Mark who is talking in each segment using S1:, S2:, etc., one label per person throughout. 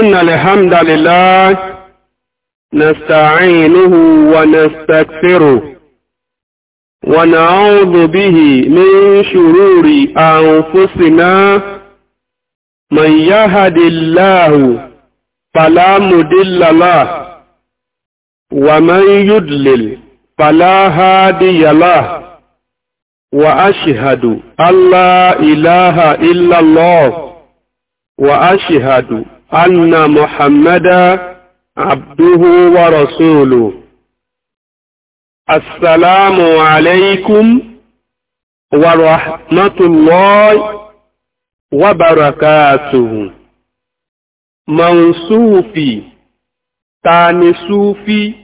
S1: إن الحمد لله نستعينه ونستكفره ونعوذ به من شرور أنفسنا من يهد الله فلا مدل له ومن يدلل فلا هادي له وأشهد أن لا إله إلا الله وأشهد أن محمدا عبده ورسوله السلام عليكم ورحمة الله وبركاته من صوفي تاني صوفي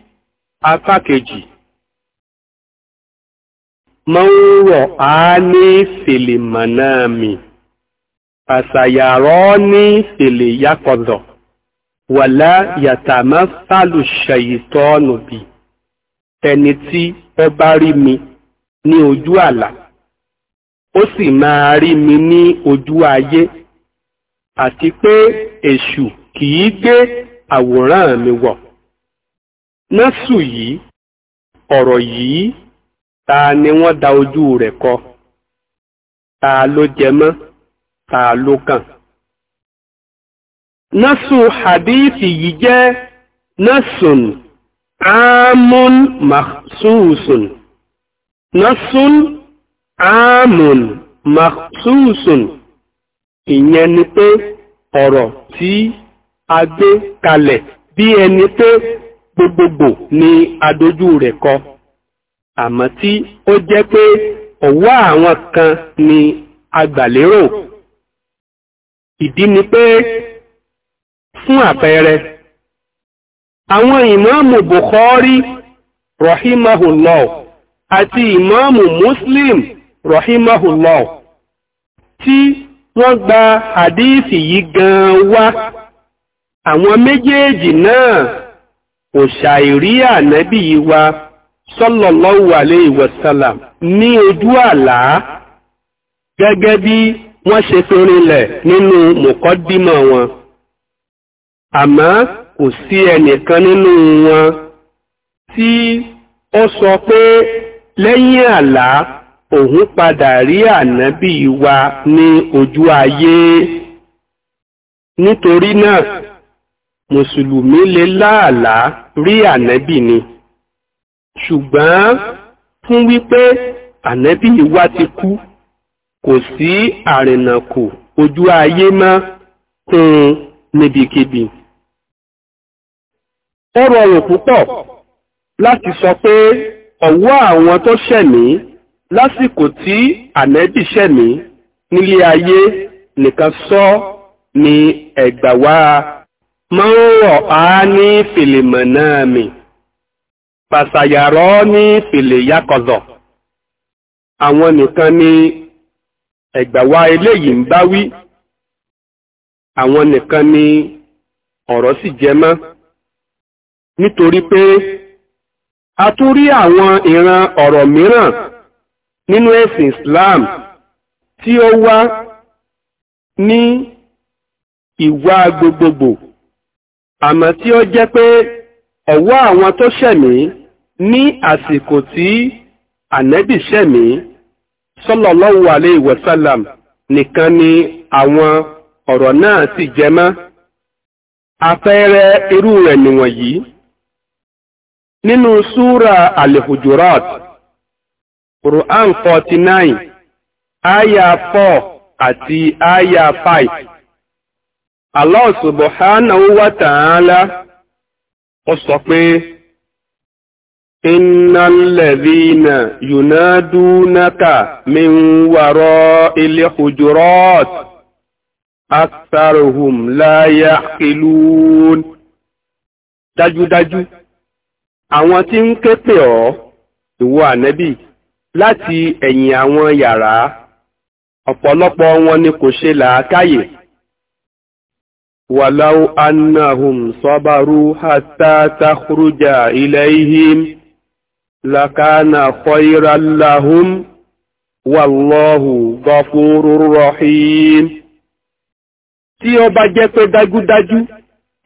S1: أتاكجي من رآني في fàṣàyàrọ́ọ́nì fèlè yakọ̀dọ̀ wàlá yàtàmá fàlùṣẹ̀yìtọ́ọ̀nù bì ẹni tí ó bá rí mi ní ojú àlà ó sì máa rí mi ní ojú ayé àti pé èṣù kìí gbé àwòrán mi wọ̀ násù yìí ọ̀rọ̀ yìí ta ni wọ́n da ojú rẹ̀ kọ ta ló jẹ mọ́ ta ló kàn. násù hadithi yìí jẹ́ násùn amun maksusun násùn amun maksusun ìyẹn ni pé ọ̀rọ̀ tí a gbé kalẹ̀ bí ẹni pé gbogbogbò ni adójú rẹ̀ kọ àmọ́ tí ó jẹ́ pé ọ̀wọ́ àwọn kan ni agbàlérò ìdí ni pé fún àpẹẹrẹ àwọn ìmáàmù Bukhari rahimahullah àti ìmáàmù Muslim rahimahullah tí wọ́n gba hadithi yìí gan wá àwọn méjèèjì náà kò ṣàìrí ànábì yìí wá sallallahu alayhi wa ní ojú àlá gẹ́gẹ́ bí wọ́n ṣe fi rinlẹ̀ nínú mùkọ́dímọ̀ wọn àmọ́ kò sí ẹnìkan nínú wọn tí ó sọ pé lẹ́yìn àlá òun padà rí ànábì wa ní ojú ayé nítorí náà mùsùlùmí lè láàlá rí ànábì ni ṣùgbọ́n fún wípé ànábì wa ti kú kò sí àrìnàkò ojú ayé mọ́ kún un níbikíbi. ó rọrùn púpọ̀ láti sọ pé ọ̀wọ́ àwọn tó ṣẹ̀mí lásìkò tí ànẹ́bì ṣẹ̀mí nílé ayé nìkan sọ ni ẹ̀gbà wá máa ń rọ̀ á ní fìlìmọ̀ náà mi pàṣàyàrọ́ ní fìlè yakọ̀zọ̀ àwọn nìkan ni ẹ̀gbà wa eléyìí ń bá wí àwọn nìkan ni ọ̀rọ̀ sì jẹ mọ́ nítorí pé a tún rí àwọn ìran ọ̀rọ̀ mìíràn nínú ẹ̀sìn Islam tí ó wá ní ìwà gbogbogbò àmọ́ tí ó jẹ́ pé ọ̀wọ́ àwọn tó ṣẹ̀mí ní àsìkò tí ànẹ́bì ṣẹ̀mí sallallahu alayhi wa sallam nìkan ni àwọn ọ̀rọ̀ náà sì jẹ mọ́ àpẹẹrẹ irú rẹ̀ nìwọ̀nyí nínú súra al-Hujurat Quran 49 aya 4 àti aya 5 Allah subhanahu wa ta'ala ó sọ pé Inna alladhina yunadunaka min wara'il hujurat aktharuhum la ya'qilun. Dájúdájú, àwọn tí ń ké pè ọ́, ìwọ ànẹ́bì, láti ẹ̀yìn àwọn yàrá, ọ̀pọ̀lọpọ̀ wọn ni kò ṣe làákàyè. Walau annahum sabaru hatta takhruja ilayhim. لكان خيرا لهم والله غفور رحيم tí ọ bá jẹ́ pé dájúdájú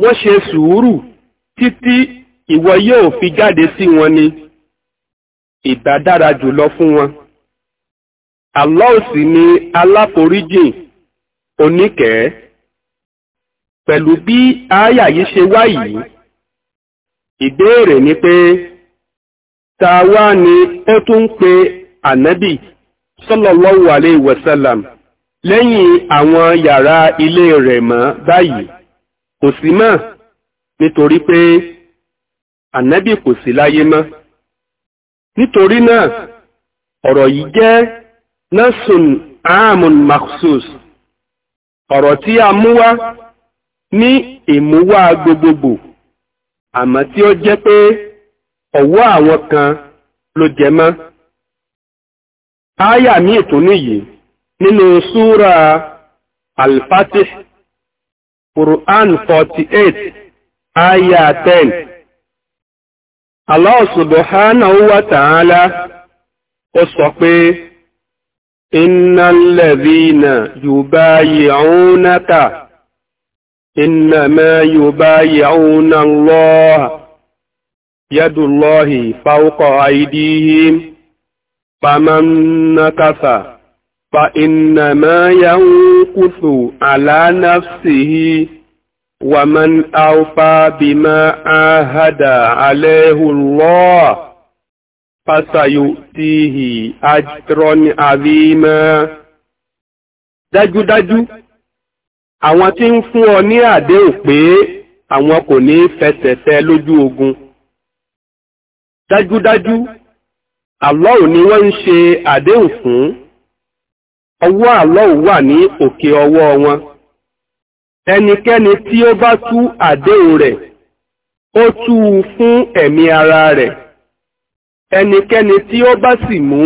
S1: wọ́n ṣe sùúrù títí ìwọ yóò fi jáde sí wọn ni Ìgbà dára jùlọ fún wọn Àlọ́ọ̀sì ni aláforíjìn oníkẹ̀ẹ́ pẹ̀lú bí ááyà yìí ṣe wá ìbéèrè ni pé tàwa ni ẹ tún ń pe ànábì sallallahu alayhi wa sallam lẹ́yìn àwọn yàrá ilé rẹ̀ mọ́ báyìí kò sí mọ́ nítorí pé ànábì kò sí láyé mọ́ nítorí náà ọ̀rọ̀ yìí jẹ́ nasun amun maksus ọ̀rọ̀ tí a mú wá ní ìmúwá gbogbogbò àmọ́ tí ó jẹ́ pé ọ̀wọ́ àwọn kan ló jẹ mọ́ ááyà ní ètò níyìí nínú súra al-fatih quran 48 ááyà 10 Allah subhanahu wa ta'ala ó sọ pé innal ladhina yubayi'unaka innama yubayi'una Allah يد الله فوق أيديهم فمن نكث فإنما ينكث على نفسه ومن أوفى بما عاهد عليه الله فسيؤتيه أجرا عظيما dájúdájú àwọn tí ń fún ọ ní àdéhùn pé àwọn kò ní fẹsẹ̀fẹ lójú ogun dájúdájú Allah ni wọ́n ń ṣe àdéhùn fún ọwọ́ Allah wà ní òkè ọwọ́ wọn ẹnikẹ́ni tí ó bá tú àdéhùn rẹ̀ ó tú u fún ẹ̀mí ara rẹ̀ ẹnikẹ́ni tí ó bá sì mú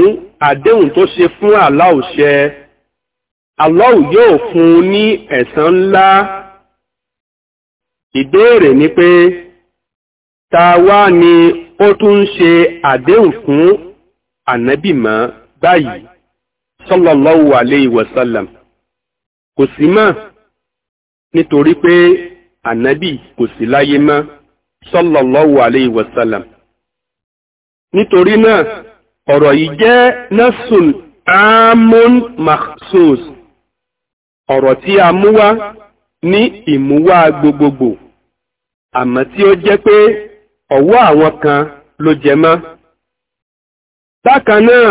S1: àdéhùn tó ṣe fún àlá ṣẹ Allah yóò fún un ní ẹ̀san ńlá ìbéèrè ni pé ta wá ni ó tún ń ṣe àdéhùn fún ànábì mọ́ báyìí sallallahu alayhi wa sallam kò sí mọ́ nítorí pé ànábì kò sí láyé mọ́ sallallahu alayhi wa sallam nítorí náà ọ̀rọ̀ yìí jẹ́ nasun amun makhsus ọ̀rọ̀ tí a mú wá ní ìmúwá gbogbogbò àmọ́ tí ó jẹ́ pé ọ̀wọ́ àwọn kan ló jẹ mọ́. Bákan náà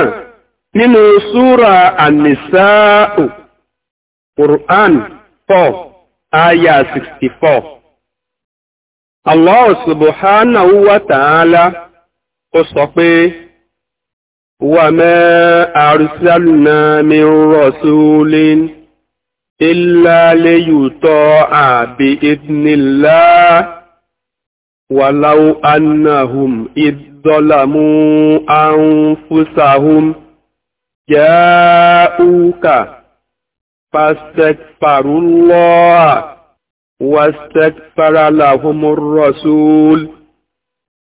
S1: nínú Súra Ànìsáàù, Quran 4, Aya 64. Allah Subhanahu wa ta'ala ó sọ pé, Wa ma arsalna min rasulin illa liyuta'a bi idhnillah. ولو أنهم إذ ظلموا أنفسهم جاءوك فاستكبروا الله واستكبر لهم الرسول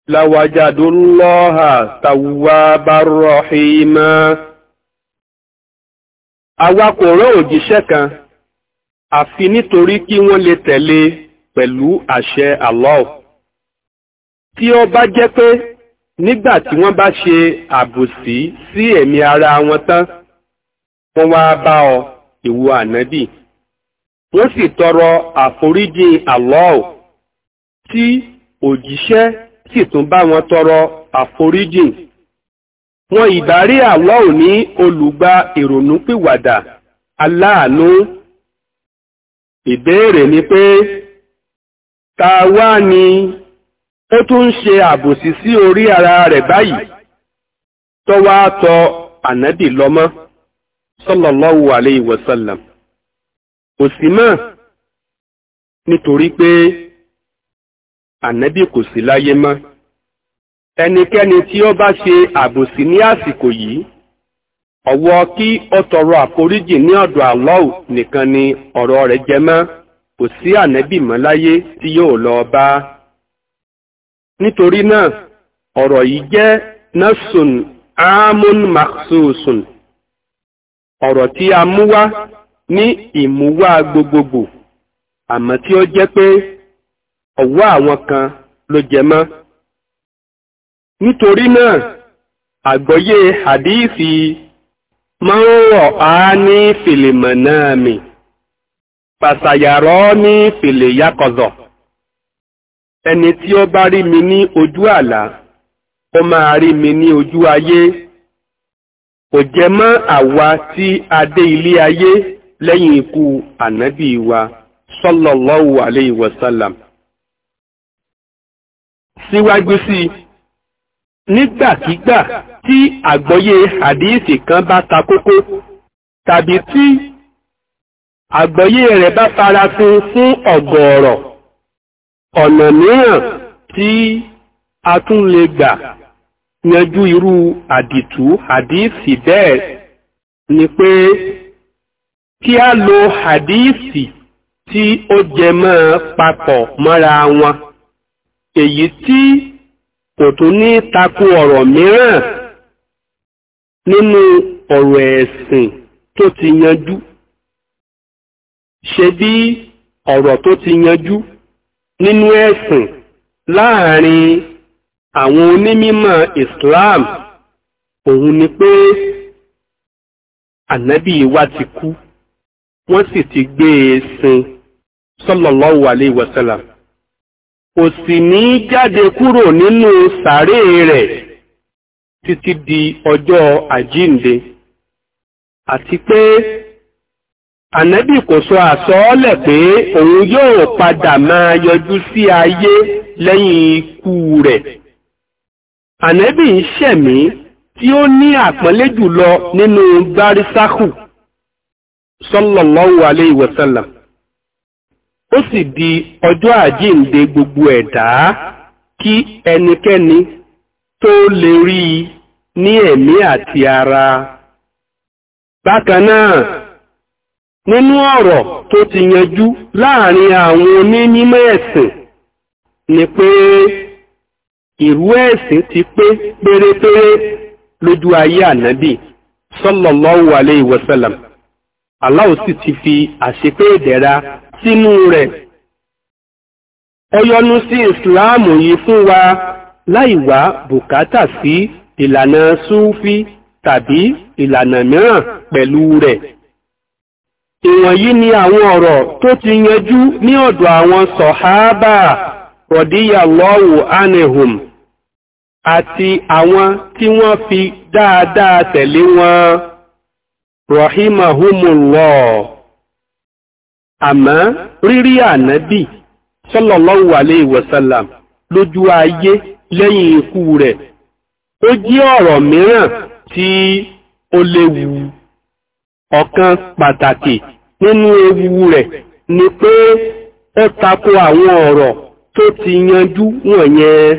S1: لوجدوا الله توابا رحيما àwa kò rán òjíṣẹ́ kan àfi nítorí kí wọ́n lè tẹ̀lé pẹ̀lú àṣẹ Allah tí ó bá jẹ́ pé nígbà tí wọ́n bá ṣe àbòsí sí ẹ̀mí ara wọn tán wọ́n wá bá ọ ìwọ ànábì wọ́n sì tọrọ àforíjì Allah tí òjíṣẹ́ sì tún bá wọn tọrọ àforíjì wọn ìbárí Allah ní olùgbà ìrònúpìwàdà aláàánú ìbéèrè ni pé ta wá ni ó tún ń ṣe àbòsí sí orí ara rẹ̀ báyìí tó wá tọ ànábì lọ́mọ́ sallallahu alayhi wa sallam kò sí mọ́ nítorí pé ànábì kò sí láyé mọ́ ẹnikẹ́ni tí ó bá ṣe àbòsí ní àsìkò yìí ọ̀wọ́ kí ó tọrọ àforíjì ní ọdọ Allahu nìkan ni ọrọ rẹ̀ jẹ mọ́ kò sí ànábì mọ́ láyé tí yóò lọ bá. nítorí náà ọ̀rọ̀ yìí jẹ́ nasun amun maksusun ọ̀rọ̀ tí a mú wá ní ìmúwá gbogbogbò àmọ́ tí ó jẹ́ pé ọ̀wọ́ àwọn kan ló jẹ mọ́ nítorí náà àgbọ́yé hadithi máa ń á ní fìlìmọ̀ náà mi pàṣàyàrọ́ ní fìlìyàkọ̀zọ̀ ẹni tí ó bá rí mi ní ojú àlá ó máa rí mi ní ojú ayé kò jẹ mọ́ àwa tí a dé ilé ayé lẹ́yìn ikú ànábì wa sallallahu alayhi wa sallam síwájú sí i nígbàkígbà tí àgbọ́yé hadithi kan bá ta kókó tàbí tí àgbọ́yé rẹ̀ bá farasin fún ọ̀gọ̀ọ̀rọ̀ ọ̀nà mìíràn tí a tún lè gbà yanjú irú àdìtú hadisi bẹ́ẹ̀ ni pé kí a lo hadisi tí ó jẹ mọ́ papọ̀ mọ́ra wọn èyí tí kò tún ní tako ọ̀rọ̀ mìíràn nínú ọ̀rọ̀ ẹ̀sìn tó ti yanjú ṣe bí ọ̀rọ̀ tó ti yanjú nínú ẹ̀sìn láàrin àwọn onímọ̀ Islam òun ni pé ànábì wa ti kú wọ́n sì ti gbé e sin sallallahu alaihi wasallam kò sì ní jáde kúrò nínú sàárè rẹ̀ títí di ọjọ́ àjínde àti pé ànábì kò sọ àsọọ́lẹ̀ pé òun yóò padà máa yọjú sí ayé lẹ́yìn ikú rẹ̀ ànábì ń ṣẹ̀mí tí ó ní àpọ́nlé jùlọ nínú gbárísákù sallallahu alayhi wa sallam ó sì di ọjọ́ àjíǹde gbogbo ẹ̀dá kí ẹnikẹ́ni tó lè rí i ní ẹ̀mí àti ara bákan náà nínú ọ̀rọ̀ tó ti yanjú láàrin àwọn onímọ̀ ẹ̀sìn ni pé ìrú ẹ̀sìn ti pé pérépéré lójú ayé ànábì sallallahu alayhi wa sallam Allah sì ti fi àṣepé ìdẹ̀ra sínú rẹ̀ ọyọnu sí ìsìláàmù yìí fún wa láì wá bùkátà sí ìlànà súfí tàbí ìlànà mìíràn pẹ̀lú rẹ̀ ìwọ̀nyí ni àwọn ọ̀rọ̀ tó ti yanjú ní ọ̀dọ̀ àwọn sọ̀háábà rọ̀díyàlọ́wù anihum àti àwọn tí wọ́n fi dáadáa tẹ̀lé wọn rọ̀hímahumùlọ́ àmọ́ rírí ànábì sọ́lọ̀lọ́wù aléyìí wasallam lójú ayé lẹ́yìn ikú rẹ̀ ó jẹ́ ọ̀rọ̀ mìíràn tí ó léwu ọ̀kan pàtàkì nínú ewu rẹ̀ ni pé ẹ tako àwọn ọ̀rọ̀ tó ti yanjú wọ̀nyẹn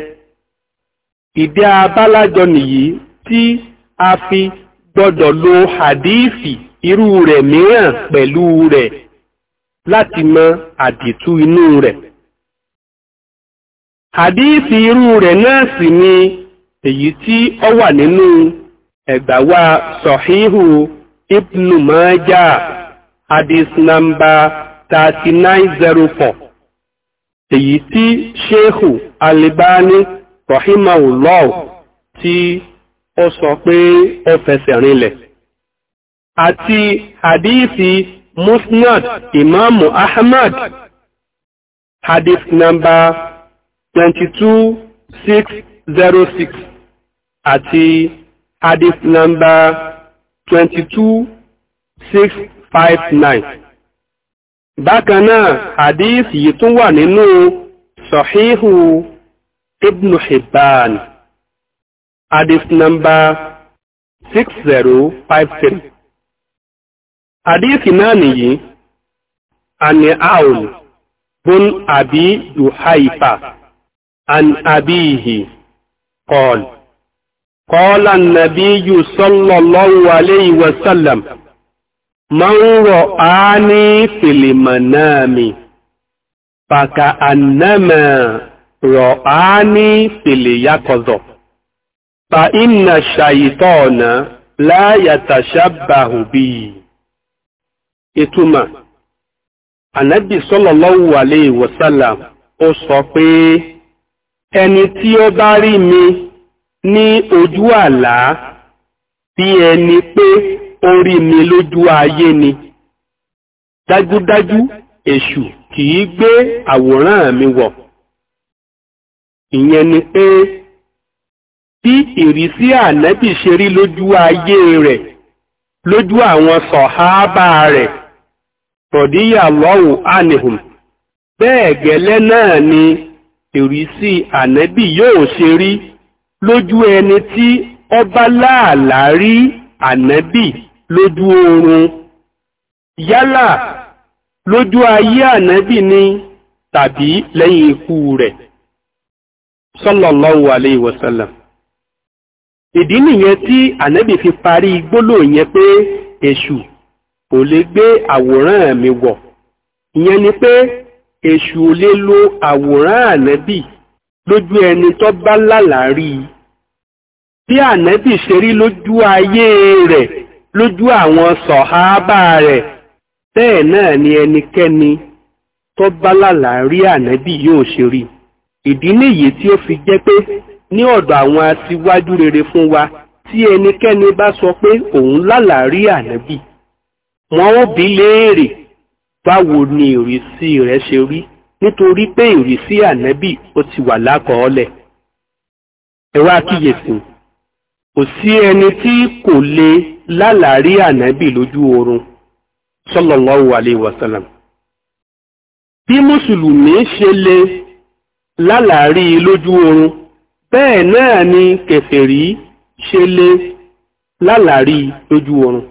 S1: ìdí abálájọ nìyí tí a fi gbọ́dọ̀ lo hadithi irú rẹ̀ mìíràn pẹ̀lú rẹ̀ láti mọ àdìtú inú rẹ̀ hadithi irú rẹ̀ náà sì ni èyí tí ó wà nínú ẹ̀gbàwá sọ̀híhù ibnu Májà hadith number thirty nine zero oh four èyí tí sheikhu alibani rahimahullah tí ó sọ pé ó fẹsẹ̀ rinlẹ̀ àti hadithi musnad imamu ahmad hadith number twenty two six zero oh six àti hadith number twenty two six 59. nine. bákan náà hadith yìí tún wà nínú sọ̀híhù ibn hibban hadith number six zero five three. hadith náà nìyí àní àwọn bun àbí duhaifa an abiyihi kọ́ọ̀lù. قال النبي صلى الله عليه وسلم mọ́rọ̀ á ní fìlìmọ̀ náà mi pàkà ànámẹ̀ rọ̀ á ní fìlìyàkọ̀zọ̀ fa inna ṣàyítọ́ọ̀nà láyàtà ṣàbàhù bí i ìtumọ̀ ànábì sallallahu alayhi wa sallam ó sọ pé ẹni tí ó bá rí mi ní ojú àlá bí ẹni pé ó rí mi lójú ayé ni dájúdájú èṣù kì í gbé àwòrán mi wọ̀ ìyẹn ni pé bí ìrísí ànábì ṣe rí lójú ayé rẹ̀ lójú àwọn sọ̀háábà rẹ̀ rọ̀díyà lọ́wọ́ ánìhùn bẹ́ẹ̀ gẹ́lẹ́ náà ni ìrísí ànábì yóò ṣe rí lójú ẹni tí ọba rí ànábì lójú oorun yálà lójú ayé ànábì ni tàbí lẹ́yìn ikú rẹ̀ sallallahu alayhi wa sallam ìdí nìyẹn tí ànábì fi parí gbólóhùn yẹn pé èṣù ò lè gbé àwòrán mi wọ̀ ìyẹn ni pé èṣù ò lè lo àwòrán ànábì lójú ẹni tó bá lálàá rí i bí ànábì ṣe rí lójú ayé rẹ̀ lójú àwọn sọ̀háábà rẹ̀ bẹ́ẹ̀ náà ni ẹnikẹ́ni tó bá lálà rí ànábì yóò ṣe rí ìdí nìyí tí ó fi jẹ́ pé ní ọ̀dọ̀ àwọn aṣíwájú rere fún wa tí ẹnikẹ́ni bá sọ pé òun lálà rí ànábì wọn ó bí léèrè báwo ni ìrísí rẹ̀ ṣe rí nítorí pé ìrísí ànábì ó ti wà lákọọ́lẹ̀ ẹ wá kíyèsí kò sí ẹni tí kò lè lálàárí ànábì lójú oorun sallallahu alayhi wa sallam bí mùsùlùmí ṣe lè lálàárí lójú oorun bẹ́ẹ̀ náà ni kèfèrí ṣe lè lálàárí lójú oorun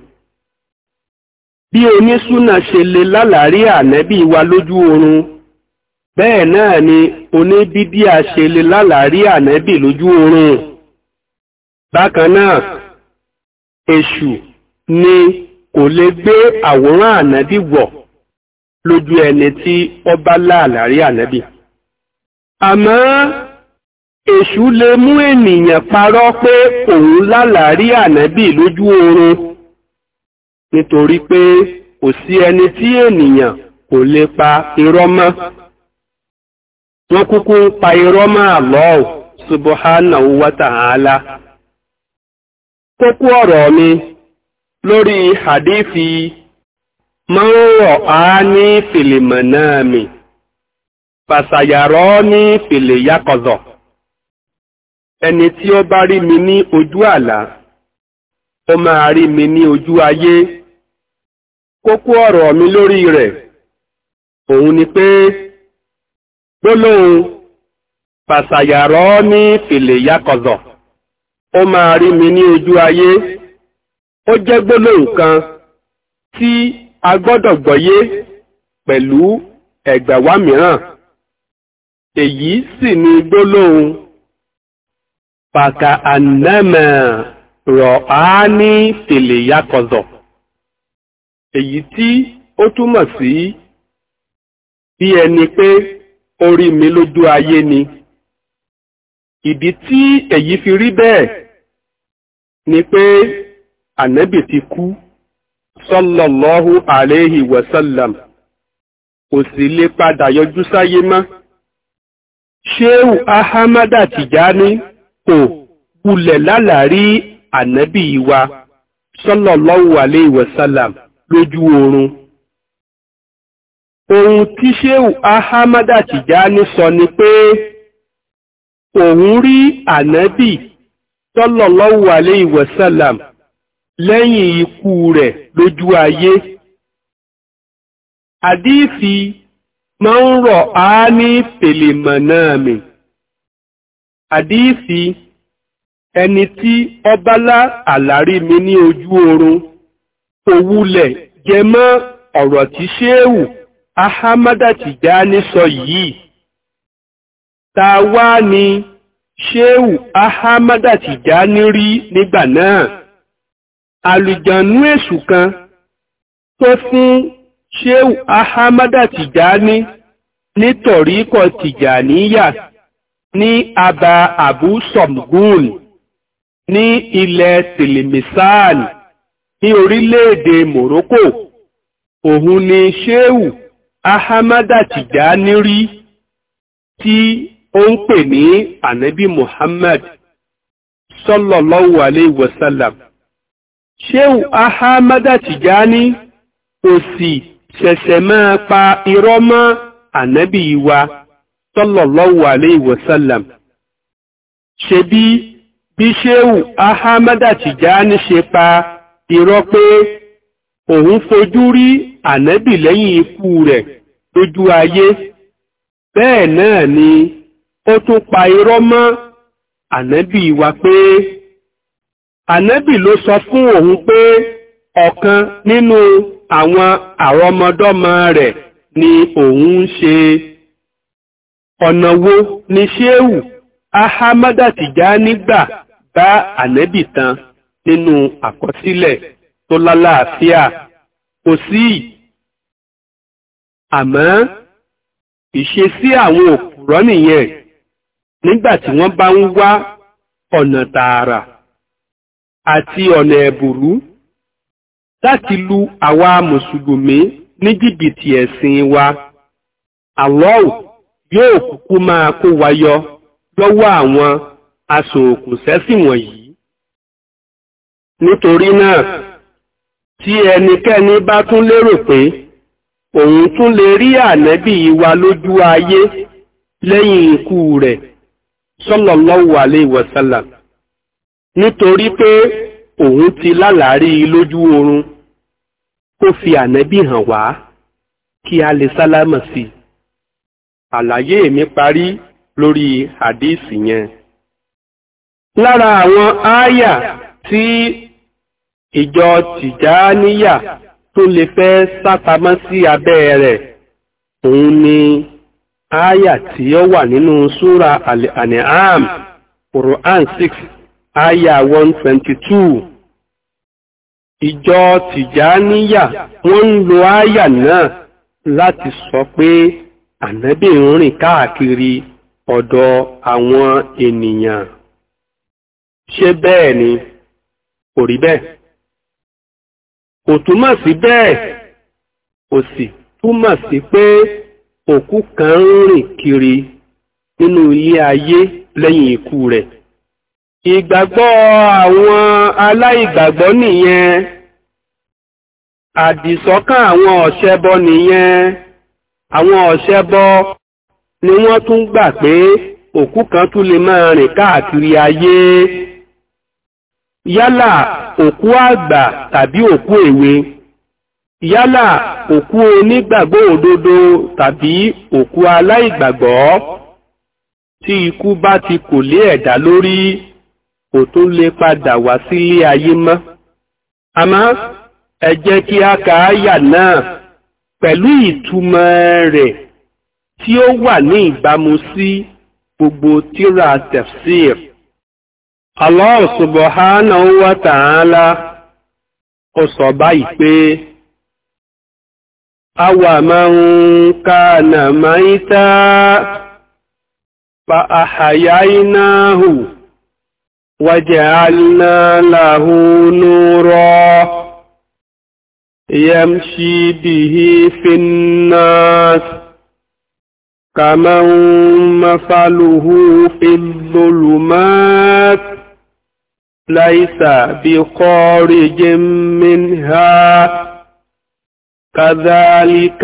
S1: bí onísúnà ṣe lè lálàárí ànábì wa lójú oorun bẹ́ẹ̀ náà ni oníbídíà ṣe lè lálàárí ànábì lójú oorun bákan náà èṣù ni kò lè gbé àwòrán ànábì wọ̀ lójú ẹni tí ó bá láàlárí ànábì àmọ́ èṣù lè mú ènìyàn parọ́ pé òun láàlárí ànábì lójú oorun nítorí pé kò sí ẹni tí ènìyàn kò lè pa irọ́ mọ́ wọ́n kúkú ń pa irọ́ mọ́ Allah subhanahu wa ta'ala kókó ọ̀rọ̀ mi lórí hadithi máa ń rọ̀ á ní fìlìmọ̀ náà mi fàṣàyàrọ́ ní fìlè yakọ̀zọ̀ ẹni tí ó bá rí mi ní ojú àlá ó máa rí mi ní ojú ayé kókó ọ̀rọ̀ mi lórí rẹ̀ òun ni pé gbólóhùn fàṣàyàrọ́ ní fìlè yakọ̀zọ̀ ó máa rí mi ní ojú ayé ó jẹ́ gbólóhùn kan tí a gbọ́dọ̀ gbọ́yé pẹ̀lú ẹ̀gbàwá mìíràn èyí sì ni gbólóhùn pàkà ànẹ́mẹ̀ rọ̀ á ní tèlè yakọ̀zọ̀ èyí tí ó túmọ̀ sí bí ẹni pé ó mi lójú ayé ni ìdí tí èyí fi rí bẹ́ẹ̀ ni pé ànábì ti kú sọlọ́lọ́hu àléhì wẹ̀sálàm kò sì lè padà yọjú sáyé mọ́ ṣéhù ahamada tìjáni kò wulẹ̀ lálàrí ànábì wa sọlọ́lọ́hu àléhì wẹ̀sálàm lójú oorun ohun tí ṣéhù ahamada tìjáni sọ ni pé òun rí ànábì sallallahu alayhi wa sallam lẹ́yìn ikú rẹ̀ lójú ayé àdíìsì máa ń rọ̀ á ní fèlèmọ̀ náà mi àdíìsì ẹni tí ọbálá àlárí mi ní ojú oorun kò jẹ mọ́ ọ̀rọ̀ tí ṣéèwù ahámádà Tìjání sọ yìí ta wá ni ṣéwù ahamada Tìjání rí nígbà náà àlùjànú èṣù kan tó fún ṣéwù ahamada Tìjání ní tọ̀ríkọ̀ Tìjàníyà ní aba abu somgun ní ilẹ̀ tìlìmísàn ní orílẹ̀-èdè Morocco òun ni ṣéwù ahamada Tìjání rí tí ó ń pè ní ànábì Muhammad sallallahu alayhi wa sallam ṣéhù ahamada Tijani kò sì ṣẹ̀ṣẹ̀ máa pa irọ́ mọ́ ànábì wa sallallahu alayhi wa sallam ṣebí bí ṣéhù ahamada Tijani ṣe pa irọ́ pé òun fojú rí ànábì lẹ́yìn ikú rẹ̀ lójú ayé bẹ́ẹ̀ náà ni ó tún pa irọ́ mọ́ ànábì wa pé ànábì ló sọ fún òun pé ọ̀kan nínú àwọn àrọmọdọ́mọ rẹ̀ ni òun ń ṣe ọ̀nà wo ni ṣéwù ahamada Tijani gbà bá ànábì tan nínú àkọsílẹ̀ tó lálàáfíà kò sí àmọ́ ìṣesí àwọn òpùrọ́ nìyẹn nígbà tí wọ́n bá ń wá ọ̀nà tààrà àti ọ̀nà ẹ̀bùrú láti lu àwa mùsùlùmí ní jìbìtì ẹ̀sìn wa àlọ́ọ̀ yóò kúkú máa kó wa yọ lọ́wọ́ àwọn asòòkùnsẹ́sìn wọ̀nyí. nítorí náà tí ẹnikẹ́ni bá tún lérò pé òun tún lè rí ànẹ́bí wa lójú ayé lẹ́yìn ikú rẹ̀ sallallahu alayhi wa sallam nítorí pé òun ti lálàárí lójú oorun kó fi ànábì hàn wá kí a lè sálámà sí i àlàyé mi parí lórí hadisi yẹn. lára àwọn ááyà tí ìjọ tìjáníyà tó lè fẹ́ sápamọ́ sí abẹ́ rẹ̀ òun ni aya tí ó wà nínú súra al-an'am quran 6 aya 122 ìjọ tìjáníyà wọ́n ń lo aya náà láti sọ pé ànábì ń rìn káàkiri ọ̀dọ̀ àwọn ènìyàn ṣé bẹ́ẹ̀ ni kò rí bẹ́ẹ̀ kò túmọ̀ sí bẹ́ẹ̀ kò sì túmọ̀ sí pé òkú kan ń rìn kiri nínú ilé ayé lẹ́yìn ikú rẹ̀. ìgbàgbọ́ àwọn aláìgbàgbọ́ nìyẹn àdìsọ́kàn àwọn ọ̀ṣẹ́bọ nìyẹn àwọn ọ̀ṣẹ́bọ ni wọ́n tún gbà pé òkú kan tún lè máa rìn káàkiri ayé yálà òkú àgbà tàbí òkú èwe yálà òkú onígbàgbọ́ òdodo tàbí òkú aláìgbàgbọ́ tí ikú bá ti kò lé ẹ̀dá lórí kò tó lè padà wá sílé ayé mọ́ àmọ́ ẹ jẹ́ kí a ka yà náà pẹ̀lú ìtumọ̀ rẹ̀ tí ó wà ní ìbámu sí gbogbo tírà tafsir Allah subhanahu wa ta'ala ó sọ báyìí pé. أَوَمَنْ كَانَ مَيْتًا فَأَحْيَيْنَاهُ وَجَعَلْنَا لَهُ نُورًا يَمْشِي بِهِ فِي النَّاسِ كَمَنْ مَثَلُهُ فِي الظُّلُمَاتِ لَيْسَ بِخَارِجٍ مِنْهَا كذلك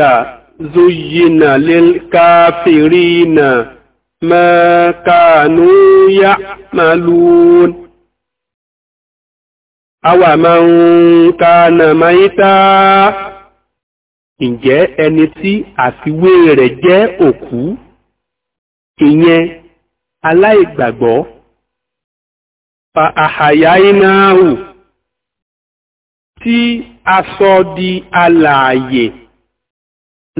S1: زين للكافرين ما كانوا يعملون أومن كان ميتا ǹjẹ́ ẹni tí àfiwé rẹ̀ jẹ́ òkú ìyẹn aláìgbàgbọ́ fa àhàyà ináhù tí asọ di alààyè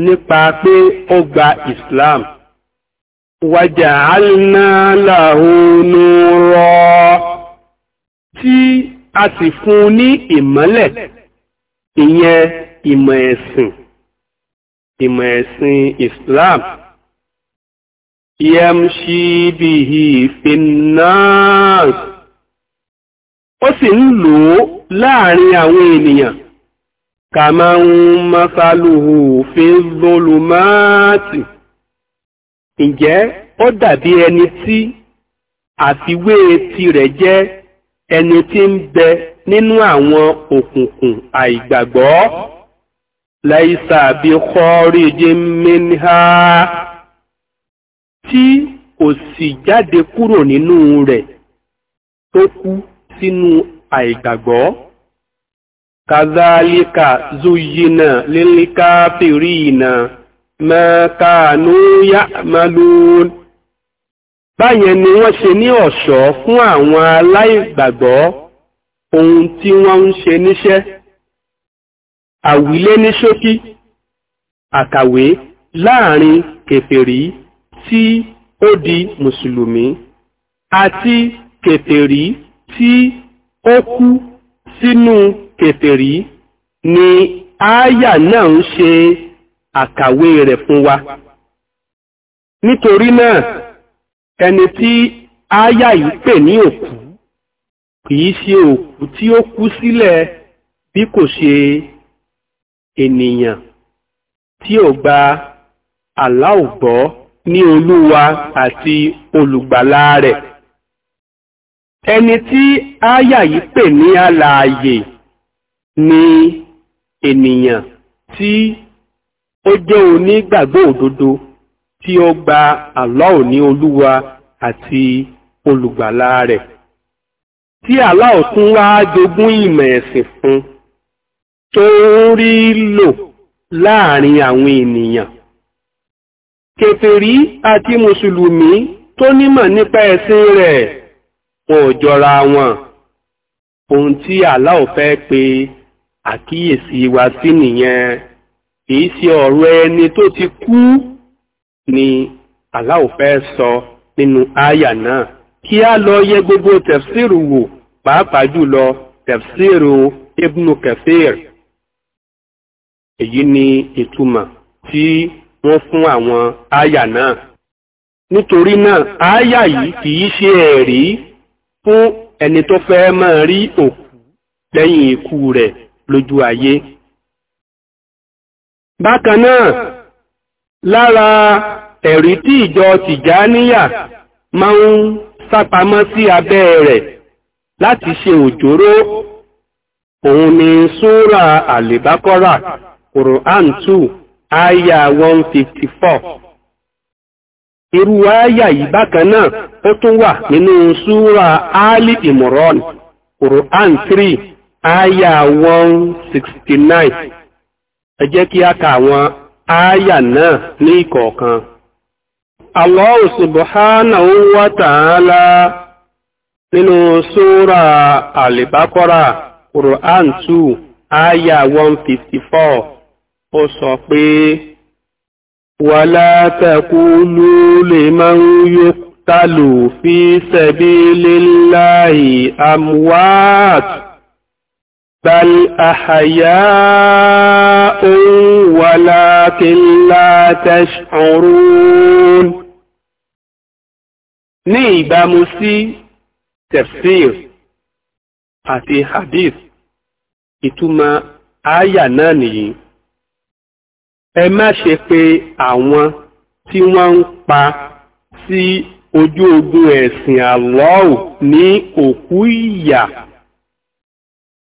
S1: nípa pé ó gba Islam wàjà alínàláhùnú rọ tí a sì fún ní ìmọ́lẹ̀ ìyẹn ìmọ̀ ẹ̀sìn ìmọ̀ ẹ̀sìn Islam yẹmṣí bìhì finnaas ó sì ń lò ó láàrin àwọn ènìyàn كمن مثله في الظلمات ǹjẹ́ ó dàbí ẹni tí àfiwé tirẹ̀ jẹ́ ẹni tí ń bẹ nínú àwọn òkùnkùn àìgbàgbọ́ laisa bi kharijin minha tí kò sì jáde kúrò nínú rẹ̀ tó kú sínú àìgbàgbọ́. كذلك زين للكافرين ما كانوا يعملون báyẹn ni wọ́n ṣe ní ọ̀ṣọ́ fún àwọn aláìgbàgbọ́ ohun tí wọ́n ń ṣe níṣẹ́ àwílé ní ṣókí àkàwé láàrin kèfèrí tí ó di mùsùlùmí àti kèfèrí tí ó kú sínú kèfèrí ni aya náà ń ṣe àkàwé rẹ̀ fún wa nítorí náà ẹni tí ááyà yìí pè ní òkú kìí ṣe òkú tí ó kú sílẹ̀ bí kò ṣe ènìyàn tí ò gba Allahu gbọ́ ní olúwa àti olùgbàlà rẹ̀ ẹni tí ááyà yìí pè ní alààyè ni ènìyàn tí ó jẹ́ onígbàgbọ́ òdodo tí ó gba Allah ní olúwa àti olùgbàlà rẹ̀ tí Allah tún wá jogún ìmọ̀ ẹ̀sìn fún tó ń rí lò láàrin àwọn ènìyàn kèfèrí àti mùsùlùmí tó nímọ̀ nípa ẹ̀sìn rẹ̀ wọn ò jọra wọn ohun tí Allah fẹ́ pé àkíyèsí wa sí nìyẹn kìí ṣe ọ̀rọ̀ ẹni tó ti kú ni aláwo fẹ́ sọ nínú àyà náà kí a lọ yẹ gbogbo tẹ̀fsíìrù wò pàápàá jùlọ tẹ̀fsíìrù ibnu kẹfíìr èyí ni ìtumọ̀ tí wọ́n fún àwọn àyà náà nítorí náà àyà yìí kìí ṣe ẹ̀rí fún ẹni tó fẹ́ máa rí òkú lẹ́yìn ikú rẹ̀ lójú ayé bákan náà lára ẹ̀rí tí ìjọ tìjáníyà máa ń sápamọ́ sí abẹ́ rẹ̀ láti ṣe òjòró òun ni súra àlèbákọ́rà Quran 2 aya 154 irú aya yìí bákan náà ó tún wà nínú súra Ali Imran Quran 3 áyà 169 ẹ jẹ́ kí a ka àwọn áyà náà ní ìkọ̀ọ̀kan Allah subhanahu wa ta'ala nínú sura al-Baqara Quran 2 áyà 154 ó sọ pé wà ولا تقولوا لمن يقتل في سبيل الله أموات بل أحياء ولكن لا تشعرون ní ìbámu sí tefsir àti hadith ìtumọ̀ àyà náà nìyí ẹ má ṣe pé àwọn tí wọ́n ń pa sí ojú ogun ẹ̀sìn Allah ní òkú ìyà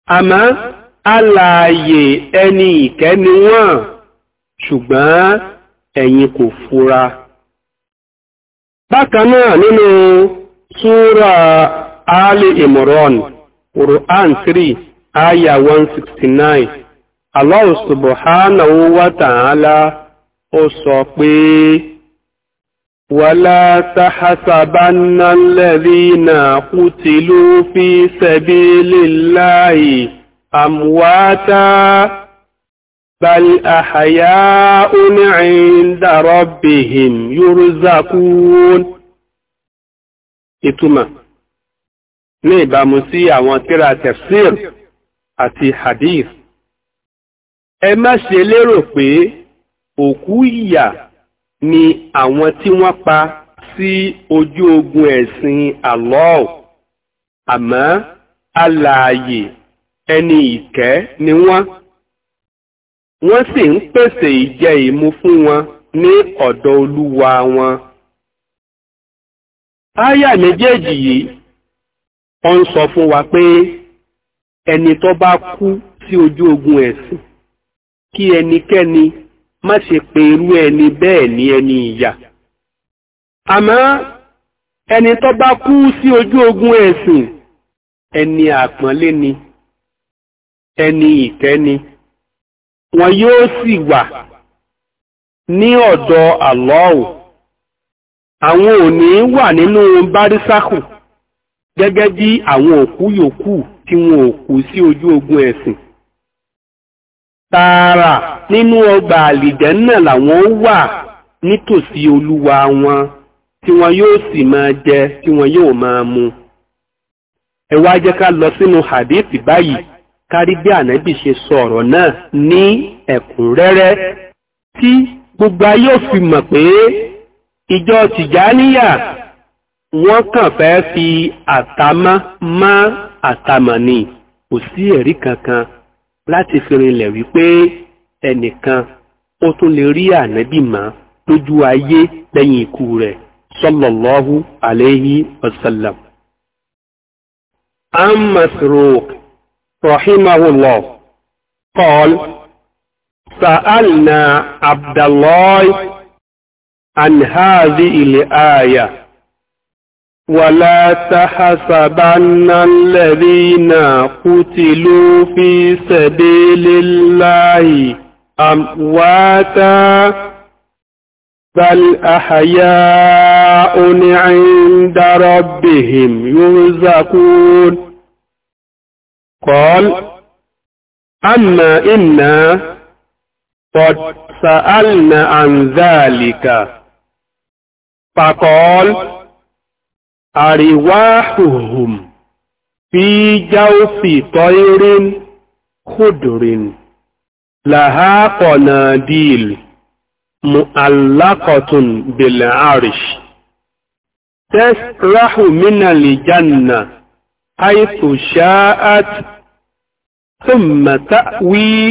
S1: ama alààyè ẹni ìkẹ́ ni wọ́n ṣùgbọ́n ẹ̀yin kò fura bákan náà nínú súra ali imran quran 3 aya 169 Allah subhanahu wa ta'ala ó sọ pé ولا تحسبن الذين قتلوا في سبيل الله أمواتا بل أحياء عند ربهم يرزقون ìtumọ̀ ní ìbámu sí àwọn tíra tefsir àti hadith ẹ má ṣe lérò pé òkú ìyà ni àwọn tí wọ́n pa sí ojú ogun ẹ̀sìn Allah àmọ́ alààyè ẹni ìkẹ́ ni wọ́n wọ́n sì ń pèsè ìjẹ ìmu fún wọn ní ọ̀dọ̀ olúwa wọn. Áyà méjèèjì yìí, ó ń sọ fún wa pé ẹni tó bá kú sí ojú ogun ẹ̀sìn kí ẹnikẹ́ni má ṣe pe irú ẹni bẹ́ẹ̀ ní ẹni ìyà àmọ́ ẹni tó bá kú sí ojú ogun ẹ̀sìn ẹni àpọ́nlé ni ẹni ìkẹ́ wọn yóò sì wà ní ọ̀dọ̀ àlọ́ọ̀ àwọn òní wà nínú bárísákù gẹ́gẹ́ bí àwọn òkú yòókù tí wọn ò kú sí ojú ogun ẹ̀sìn tààrà nínú ọgbà náà làwọn ó wà nítòsí olúwa wọn tí wọn yóò sì máa jẹ tí wọn yóò máa mu. ẹ wá jẹ́ ká lọ sínú hadithi báyìí kárí bí ànábì ṣe sọ ọ̀rọ̀ náà ní ẹ̀kúnrẹ́rẹ́ tí gbogbo ayé ò mọ̀ pé ìjọ tìjàníyà wọn kàn fẹ́ fi àtàmọ́ mọ́ àtàmọ́ ni kò sí ẹ̀rí kankan láti fi rinlẹ̀ wípé ẹnìkan ó tún lè rí ànábì mọ́ lójú ayé lẹ́yìn ikú rẹ̀ sallallahu alayhi wa sallam. عن مسروق رحمه الله قال سألنا عبد الله عن هذه الآية ولا تحسبن الذين قتلوا في سبيل الله أمواتا بل أحياء عند ربهم يرزقون قال أما إنا قد سألنا عن ذلك فقال àríwáhùhùm fi jáòfì tọ́írín kùdùrín làhákọ̀nà díìl mu'allakọ̀tún bìlẹ̀ àrìṣ tẹ́sìráhù mínàlì jánà àìsù ṣáàt ثم تأوي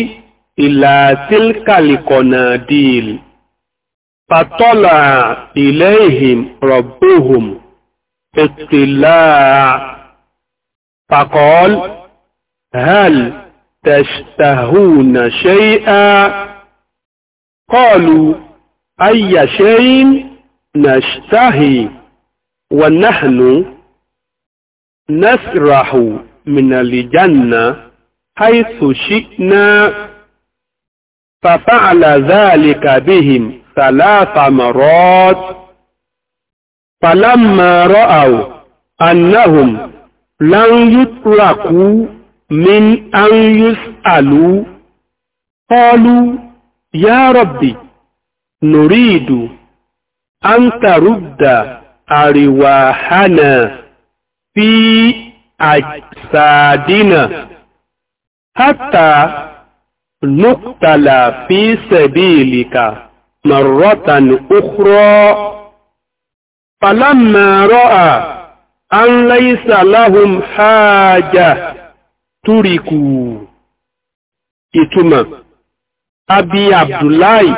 S1: إلى تلك القناديل فطلع إليهم ربهم اطلاع فقال هل تشتهون شيئا قالوا أي شيء نشتهي ونحن نسرح من الجنة حيث شئنا ففعل ذلك بهم ثلاث مرات فلما رأوا أنهم لن يتركوا من أن يسألوا قالوا يا ربي نريد أن ترد أرواحنا في أجسادنا حتى نقتل في سبيلك مرة أخرى فلما رأى أن ليس لهم حاجة تركوا ìtumọ̀ abi abdullahi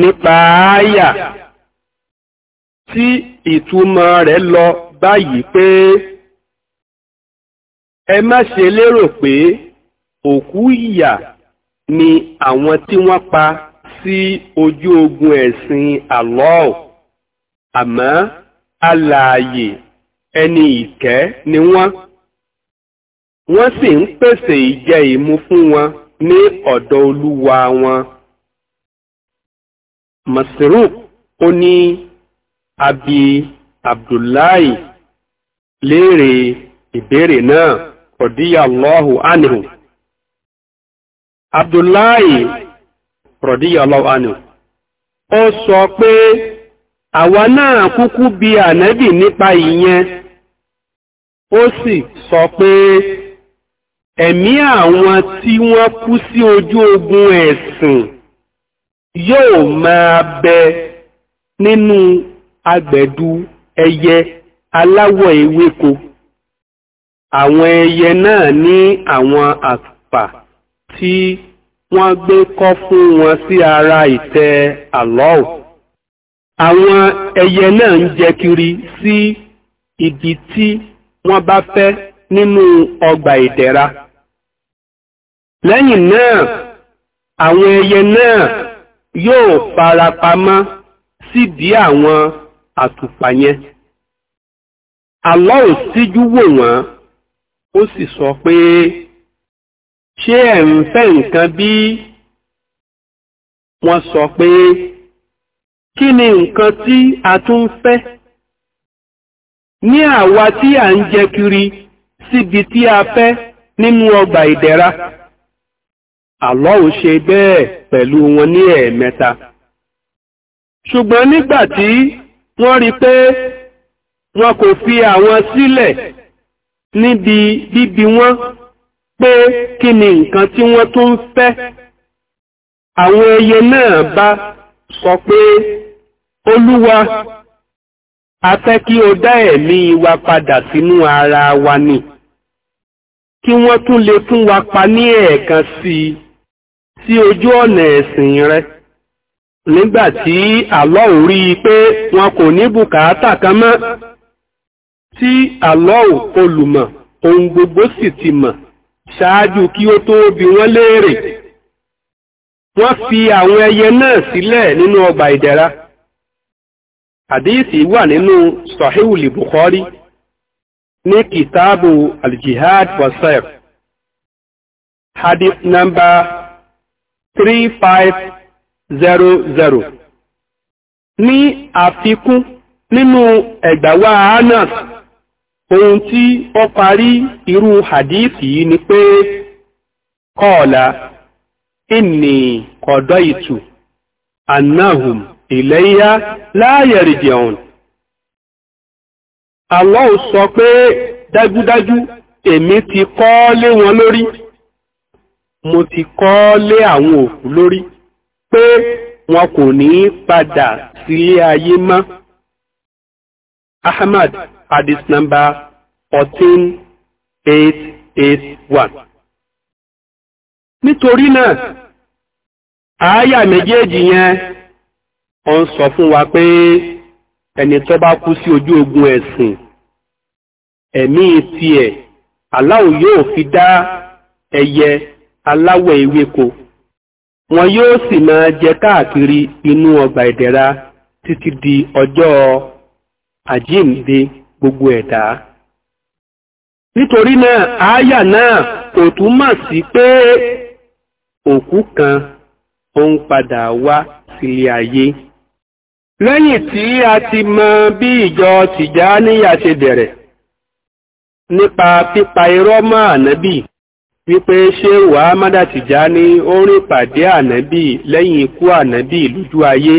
S1: nípa àyà tí ìtumọ̀ rẹ̀ lọ báyìí pé ẹ má ṣe lérò pé òkú ìyà ni àwọn tí wọ́n pa sí ojú ogun ẹ̀sìn Allah àmọ́ alààyè ẹni ìkẹ́ ni wọ́n wọ́n sì ń pèsè ìjẹ ìmu fún wọn ní ọ̀dọ̀ olúwa wọn. masruq ó ní abi abdullahi léèrè ìbéèrè náà rọ̀díyàlọ́hù ánìhù abdullahi rọ̀díyàlọ́hù ánìhù ó sọ pé. àwa náà kúkú bi ànábì nípa ìyẹn ó sì sọ pé ẹ̀mí àwọn tí wọ́n kú sí ojú ogun ẹ̀sìn yóò máa bẹ nínú agbẹ̀dú ẹyẹ aláwọ̀ ewéko àwọn ẹyẹ náà ní àwọn àpà tí wọ́n gbé kọ́ fún wọn sí ara ìtẹ́ àlọ́ọ̀ àwọn ẹyẹ náà ń jẹ kiri sí ibi tí wọ́n bá fẹ́ nínú ọgbà ìdẹ̀ra lẹ́yìn náà àwọn ẹyẹ náà yóò farapamọ́ sídìí àwọn àtùpà yẹn Allah ò síjú wò wọ́n ó sì sọ pé ṣé ẹ̀ ń fẹ́ nǹkan bí wọ́n sọ pé kí ni nǹkan tí a tún fẹ́ ní àwa tí à ń jẹ kiri síbi tí a fẹ́ nínú ọgbà ìdẹ̀ra Allahu ṣe bẹ́ẹ̀ pẹ̀lú wọn ní ẹ̀ẹ̀mẹ́ta ṣùgbọ́n nígbà tí wọ́n rí pé wọn kò fi àwọn sílẹ̀ níbi bíbi wọn pé kí ni nǹkan tí wọ́n tún fẹ́
S2: àwọn ẹyẹ náà bá
S1: sọ pé olúwa a fẹ́ kí o dá ẹ̀mí wa padà sínú ara wa ni kí wọ́n tún lè tún wa pa ní ẹ̀ẹ̀kan sí i sí ojú ọ̀nà ẹ̀sìn rẹ nígbà tí àlọ́ọ̀ rí i pé wọn kò ní bùkátà kan mọ́ tí àlọ́ọ̀ olùmọ̀ ohun gbogbo sì ti mọ̀ ṣáájú kí ó tó bi wọ́n léèrè wọ́n fi àwọn ẹyẹ náà sílẹ̀ nínú ọgbà ìdẹ̀ra. àdíìsì wà nínú sọ̀híwùlì bukhari ní kìtàbù aljihad wasef hadith number 3500 ní àfikún nínú ẹ̀gbàwá anas ohun tí ó parí irú hadíìsì yìí ni pé kọ́ọ̀lá inni qadaitu annahum ìlẹ́yà láàyẹ̀rì jẹun Allah sọ pé dájúdájú èmi ti kọ́ lé wọn lórí mo ti kọ́ lé àwọn òkú lórí pé wọn kò ní padà sílé ayé mọ́ Ahmad hadith number fourteen eight eight one nítorí náà àáyà méjèèjì yẹn ó ń sọ fún wa pé ẹni tó bá kú sí ojú ogun ẹ̀sìn ẹ̀mí tiẹ̀ aláwo yóò fi dá ẹyẹ aláwọ̀ ewéko wọn yóò sì máa jẹ káàkiri inú ọgbà ìdẹ̀ra títí di ọjọ́ àjíǹde gbogbo ẹ̀dá. nítorí náà àáyà náà kò túmọ̀ sí pé òkú kan ó ń padà wá sílé ayé lẹ́yìn tí a ti mọ bí ìjọ tìjáníyà ṣe bẹ̀rẹ̀ nípa pípa irọ́ mọ́ ànábì wípé ṣé wàhámádà tìjání ó rí pàdé ànábì lẹ́yìn ikú ànábì lójú ayé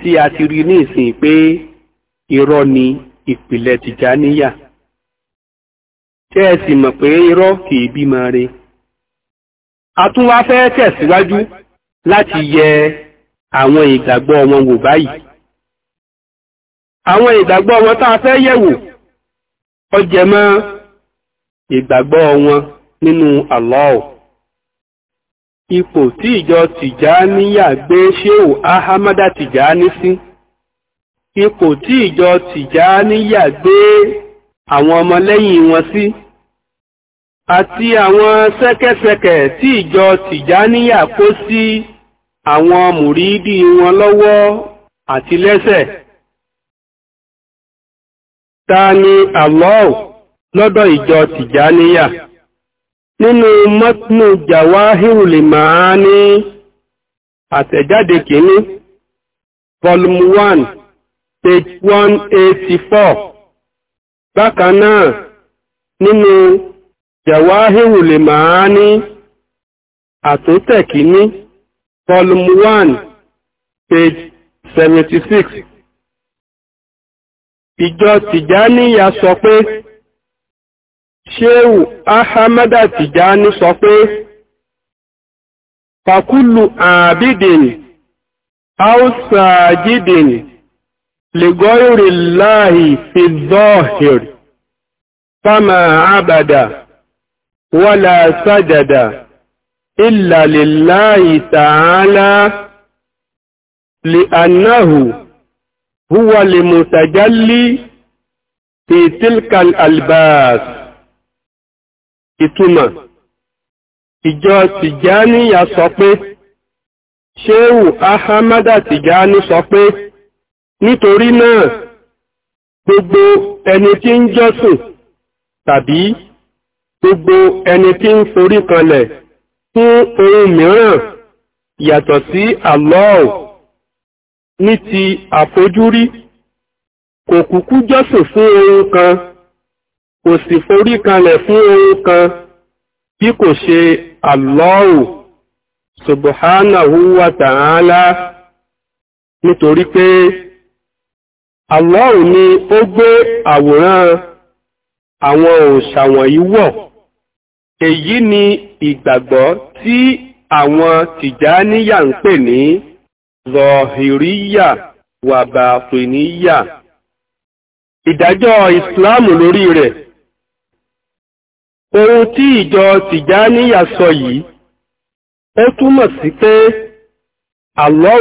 S1: tí a ti rí ní ìsìn pé irọ́ ni ìpìlẹ̀ tìjáníyà ṣé ẹ sì mọ̀ pé irọ́ kìí bímọ re a tún wá fẹ́ tẹ̀síwájú láti yẹ àwọn ìgbàgbọ́ wọn wò báyìí àwọn ìgbàgbọ́ wọn tá a fẹ́ yẹ̀wò ó mọ́ ìgbàgbọ́ wọn nínú Allah ipò tí ìjọ níyà gbé ahamada ní sí ipò tí ìjọ tìjáníyà gbé àwọn wọn sí àti àwọn tí àwọn mùrídì wọn lọ́wọ́ àti lẹ́sẹ̀ ta ni Allah lọ́dọ̀ ìjọ tìjáníyà nínú mọ́tínú jàwáhírùlì máa ní àtẹ̀jáde kìíní vol 1 page 184 bákan náà nínú jàwáhírùlì máa ní àtúntẹ̀ kìíní Volume 1, page 76. Ìjọ Tìjáníyà sọ pé, Ṣéhù Ahamada Tìjání sọ pé, Fàkúlù àbídìn, Áùsàjídìn, Lègọ́rì láàáì fi zọ́ọ̀hìrì, Fámà àbàdà, wọ́lá sájàdà. إلا لله تعالى لأنه هو المتجلي في تلك الألباس ìtumọ̀ ìjọ tìjáníyà sọ pé ṣéhù ahamada tìjání sọ pé nítorí náà gbogbo ẹni tí ń jọ́sìn tàbí gbogbo ẹni tí ń forí fún orin mìíràn yàtọ̀ sí Allah ní ti àfojúrí kò kúkú jọ́sìn fún ohun kan kò sì forí kanlẹ̀ fún ohun kan bí kò ṣe Allah subhanahu wa ta'ala nítorí pé Allah ni ó gbé àwòrán àwọn òòṣà wọ̀nyí wọ̀ èyí ni ìgbàgbọ́ tí àwọn tìjáníyà ń pè ní zọ̀hìríyà wàbàfìníyà ìdájọ́ ìsìláàmù lórí rẹ̀ ohun tí ìjọ tìjáníyà sọ yìí ó túmọ̀ sí pé Allah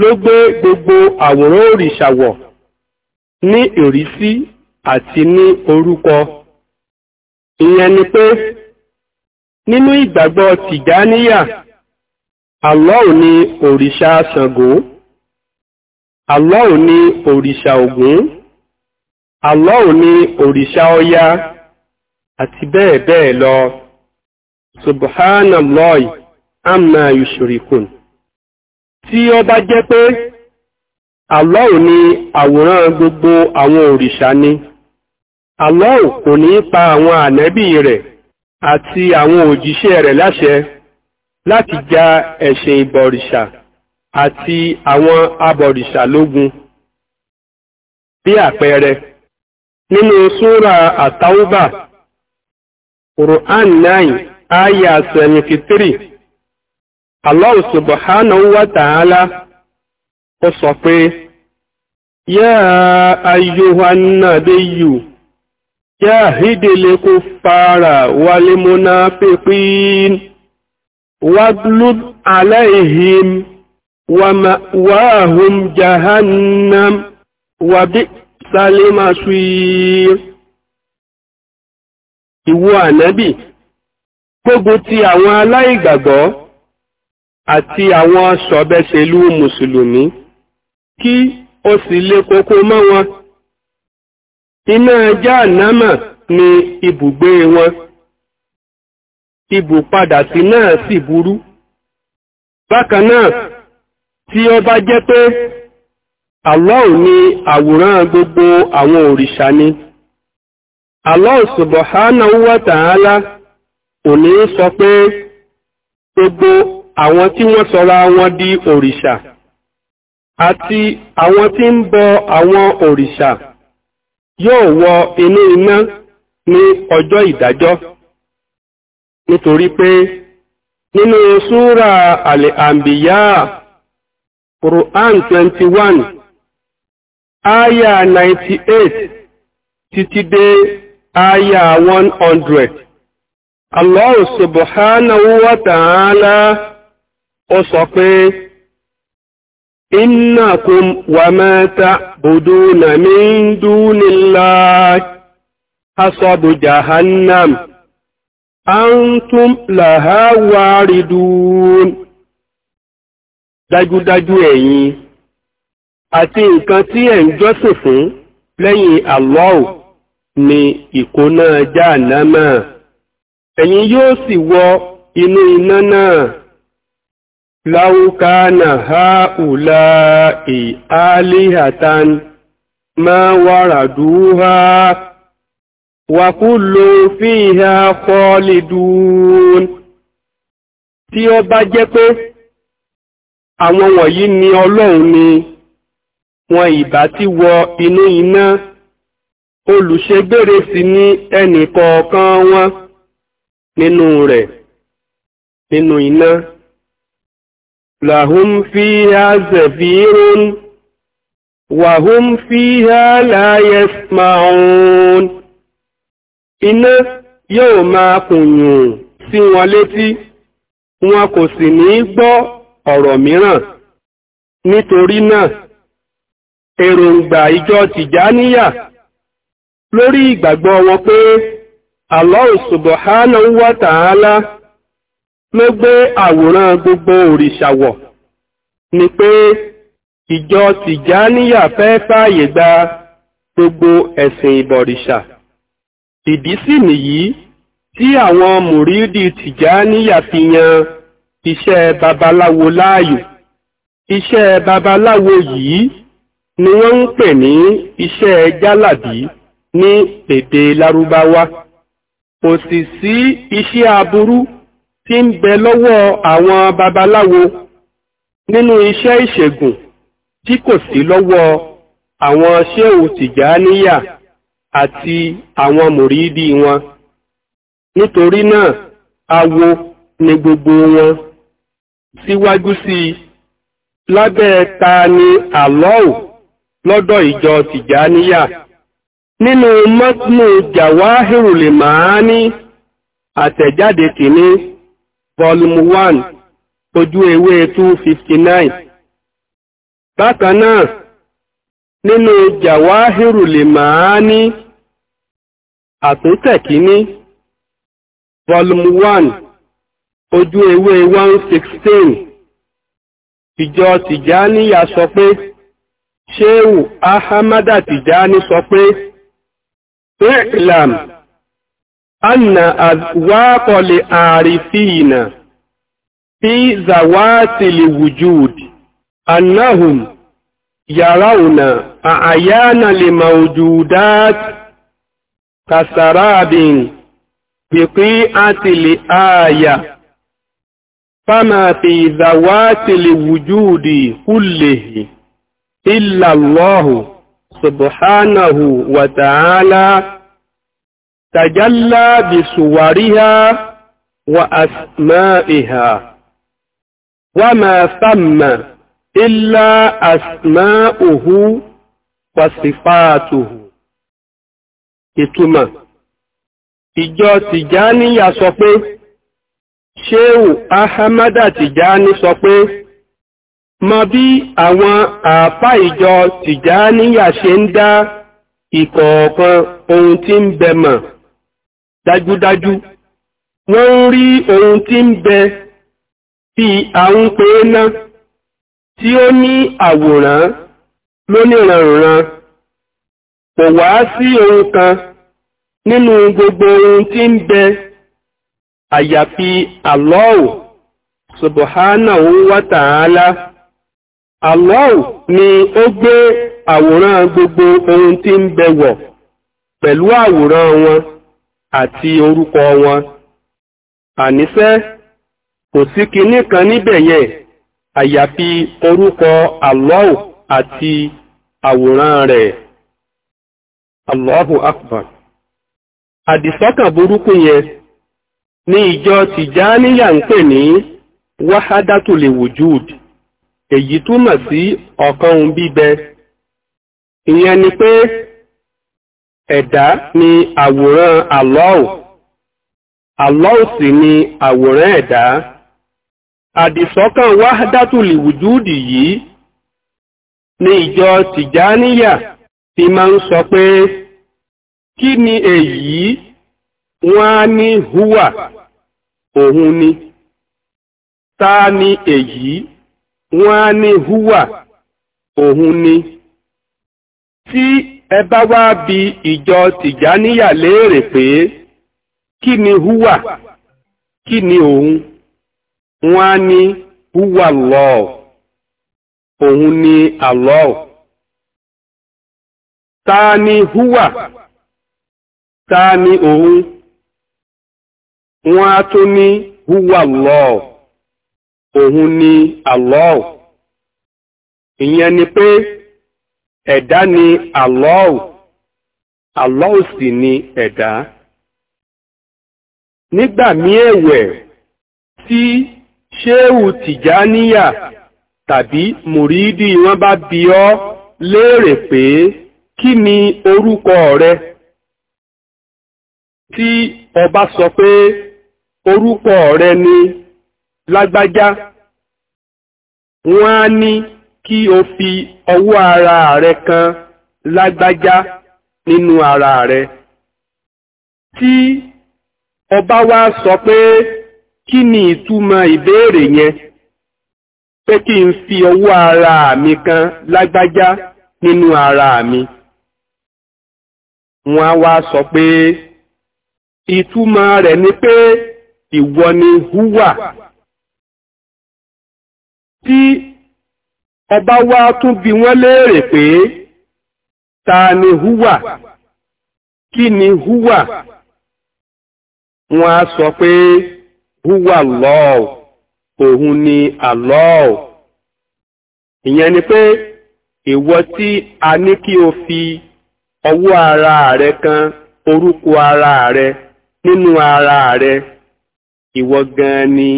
S1: ló gbé gbogbo àwòrán òrìṣà ní ìrísí àti ní orúkọ ìyẹn ni pé nínú ìgbàgbọ́ tìgáníyà Allah ni òrìṣà Ṣàngó Allah ni òrìṣà Ògún Allah ni òrìṣà Ọya àti bẹ́ẹ̀ bẹ́ẹ̀ lọ subhanallahi amma yushrikun tí ó bá jẹ́ pé Allah ni àwòrán gbogbo àwọn òrìṣà ni Allah kò ní pa àwọn ànẹ́bí rẹ̀ àti àwọn òjíṣẹ́ rẹ̀ láṣẹ láti ja ẹ̀sìn ìbọ̀rìṣà àti àwọn abọ̀rìṣà lógun. Bí àpẹẹrẹ, nínú súra Àtàwùbà, Quran 9, Aya 73, Allah Subhanahu wa Ta'ala, ó sọ pé, Yá ayyuhan nabiyyu. جاهد الكفار والمنافقين واغلب عليهم ومأواهم جهنم وبئس المصير ìwọ ànábì gbógun ti àwọn aláìgbàgbọ́ àti àwọn sọ̀bẹ̀ṣèlú mùsùlùmí kí o sì le koko mọ́ wọn iná jáànámà ni ibùgbé wọn ibùpadà sí náà sì burú bákan náà tí ọ bá jẹ́ pé Allah ni àwòrán gbogbo àwọn òrìṣà ni Allah subhanahu wa ta'ala òní sọ pé gbogbo àwọn tí wọ́n sọra wọn di òrìṣà àti àwọn tí ń bọ àwọn òrìṣà yóò wọ inú iná ní ọjọ́ ìdájọ́ nítorí pé nínú súra al-anbiya quran 21 aya 98 títí dé aya 100 Allah subhanahu na ta'ala ó sọ pé إنكم وما تعبدون من دون الله حصب جهنم أنتم لها واردون dájúdájú ẹ̀yin àti nǹkan tí ẹ̀ ń jọ́sìn fún lẹ́yìn ni ìkóná jáànámà ẹ̀yin yóò sì wọ inú iná náà لو كان هؤلاء آلهة ما وردوها وكل فيها خالدون tí ó bá jẹ́ pé àwọn wọ̀nyí ni ọlọ́run ni wọn ìbá ti wọ inú iná olùṣègbèrè sí ní ẹnì kọ̀ọ̀kan wọn nínú rẹ̀ nínú iná. لهم فيها زفير وهم فيها لا يسمعون إن yóò máa kùnyùn sí wọn létí wọn kò sì ní gbọ́ ọ̀rọ̀ mìíràn nítorí náà èròǹgbà ìjọ tìjáníyà lórí ìgbàgbọ́ wọn pé Allah subhanahu wa ta'ala ló gbé àwòrán gbogbo òrìṣà wọ̀ ni pé ìjọ tìjáníyà fẹ́ fààyè gba gbogbo ẹ̀sìn ìbọ̀rìṣà ìdí sì nìyí tí àwọn mùrídì tìjáníyà fi yan iṣẹ́ babaláwo láàyò iṣẹ́ babaláwo yìí ni wọ́n ń pè ní iṣẹ́ jálàbí ní èdè lárúbáwá kò sì sí iṣẹ́ aburú tí ń bẹ lọ́wọ́ àwọn babaláwo nínú iṣẹ́ ìṣègùn tí kò sí lọ́wọ́ àwọn ṣéhù tìjàníyà àti àwọn mùrídìí wọn nítorí náà awo ni gbogbo wọn síwájú sí i lábẹ́ ta ni àlọ́ò lọ́dọ̀ ìjọ tìjàníyà nínú mọ́tínú jàwáhìrùlẹ̀ màání àtẹ̀jáde kìíní volume 1 ojú ewé 259 bákan náà nínú jàwáhìrù lè máa ní àtúntẹ̀ kìíní volume 1 ojú ewé 116 ìjọ tìjáníyà sọ pé ṣéhù ahamada tìjáni sọ pé ìlàmù anna azwaqali arifina fi zawati liwujudi annahum yarawna ayana limawjudat kasarabin biqi'ati liaya fama fi zawati liwujudi kullihi illa Allah subhanahu wa ta'ala تجلى بصورها وأسمائها وما ثم إلا أسماؤه وصفاته ìtumọ̀ ìjọ tìjáníyà sọ pé ṣéhù ahamada tìjáni sọ pé mọ bí àwọn àáfà ìjọ tìjáníyà ṣe ń dá ìkọ̀ọ̀kan ohun tí ń bẹ dájúdájú wọ́n ń rí ohun tí ń bẹ bí àwọn pé ná tí ó ní àwòrán lóníranran kò wá sí ohun kan nínú gbogbo ohun tí ń bẹ àyàfi àlọ́ọ̀ subhanahu wa ta'ala àlọ́ọ̀ ni ó gbé àwòrán gbogbo ohun tí ń bẹ wọ̀ pẹ̀lú àwòrán wọn àti orúkọ wọn àníṣẹ́ kò sí kinní kan níbẹ̀ yẹn àyàfi orúkọ Allah àti àwòrán rẹ̀ Allahu Akbar àdìsọ́kàn burúkú yẹn ní ìjọ tìjáníyà ń pè ní wahadatul wujud èyí túmọ̀ sí ọ̀kan bíbẹ ìyẹn ni pé ẹ̀dá ni àwòrán Allah Allah sì ni àwòrán ẹ̀dá àdìsọ́kàn wahdatul wujudi yìí ni ìjọ tìjáníyà ti máa ń sọ pé kí ni èyí wọ́n á ní húwà òun ni ta ni èyí wọ́n á ní húwà òun ni tí ẹ bá wá bi ìjọ tìjáníyà léèrè pé kí ni húwà kí ni òun wọn á ní húwà lọ, òun ni Allah ta ni húwà ta ni òun wọn á tún ní húwà lọ, òun ni Allah ìyẹn ni pé. ẹ̀dá ni Allah Allah sì ni ẹ̀dá nígbà míì ẹ̀wẹ̀ tí ṣéhù tìjáníyà tàbí mùrídì wọn bá bi ọ́ léèrè pé kí ni orúkọ rẹ tí ọba sọ pé orúkọ rẹ ni lágbájá wọ́n á ní kí o fi ọwọ́ ara rẹ kan lágbájá nínú ara rẹ tí ọba wa sọ pé kí ni ìtumọ̀ ìbéèrè yẹn pé kí n fi ọwọ́ ara mi kan lágbájá nínú ara mi wọ́n á wá sọ pé ìtumọ̀ rẹ̀ ni pé ìwọ ni húwà ọba wá tún bi wọ́n léèrè pé ta ni húwà kí ni húwà wọ́n á sọ pé húwà lọ́ọ̀ òun ni àlọ́ọ̀ ìyẹn ni pé ìwọ tí a ní kí o fi ọwọ́ ara rẹ kan orúkọ ara rẹ nínú ara rẹ ìwọ gan ni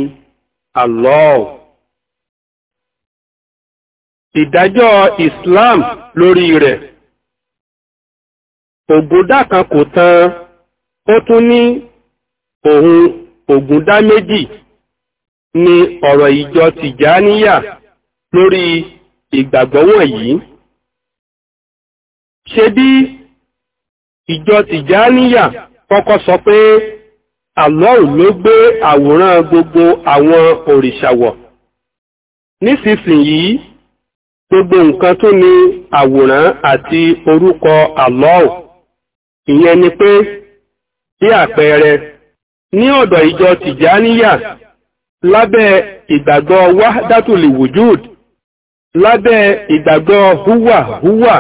S1: àlọ́ọ̀ ìdájọ́ Islam lórí rẹ̀ ògúndá kan kò tan ó tún ní òun ògúndá méjì ni ọ̀rọ̀ ìjọ Tìjàníyà lórí ìgbàgbọ́ wọ̀nyí ṣe bí ìjọ Tìjàníyà kọ́kọ́ sọ pé Allah ló gbé àwòrán gbogbo àwọn òrìṣà wọ̀ nísinsìnyí gbogbo nǹkan tó ní àwòrán àti orúkọ Allah ìyẹn ni pé bí àpẹẹrẹ ní ọ̀dọ̀ ìjọ tìjáníyà lábẹ́ ìgbàgbọ́ wahdatuli wujud lábẹ́ ìgbàgbọ́ húwà húwà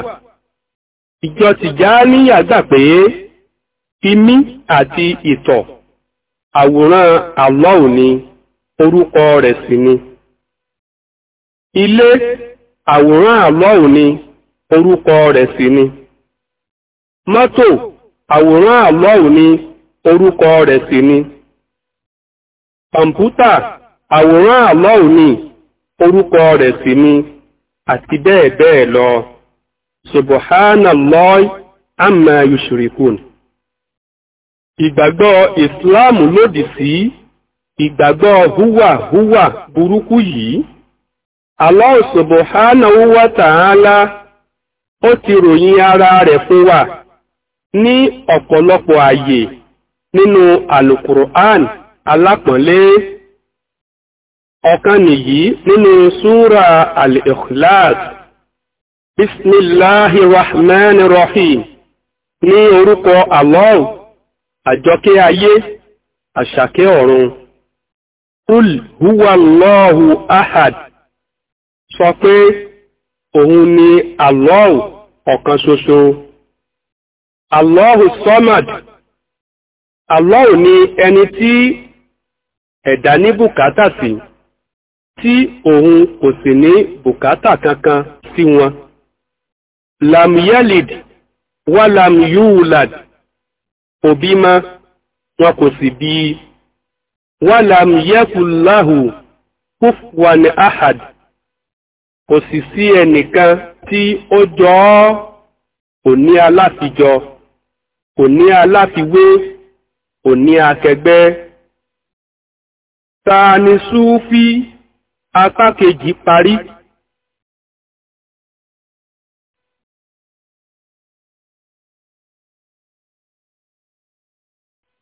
S1: ìjọ tìjáníyà gbà pé imí àti ìtọ̀ àwòrán ni orúkọ rẹ̀ ni ilé àwòrán àlọ́hùn ni orúkọ rẹ̀ sì ni mọ́tò àwòrán àlọ́hùn ni orúkọ rẹ̀ sì ni kọ̀ǹpútà àwòrán àlọ́hùn ni orúkọ rẹ̀ sì ni àti bẹ́ẹ̀ bẹ́ẹ̀ lọ subhanallah amma yushrikun ìgbàgbọ́ ìsìláàmù lòdì sí ìgbàgbọ́ húwà húwà burúkú yìí Allah subhanahu wa ta'ala ó ti ròyìn ara rẹ̀ fún wa ní ọ̀pọ̀lọpọ̀ àyè nínú alukur'an alápọ̀nlé ọ̀kan nìyí nínú súra al-ikhlas bismillahi rahman rahim ní orúkọ Allah àjọkẹ́ ayé àṣàkẹ́ ọ̀run kul huwa Allahu ahad sọ pé òun ni Allahu ọ̀kan ṣoṣo Allahu Samad Allahu ni ẹni tí ẹ̀dá ní bùkátà sí tí òun kò sì ní bùkátà kankan sí wọn lam yalid wa lam yulad òbí ma wọn kò sì bí i wa lam yakul ahad kò sì sí ẹnìkan tí ó jọ ọ́ kò ní aláfijọ kò ní aláfiwé kò ní akẹgbẹ́ ta ni súfí apá kejì parí.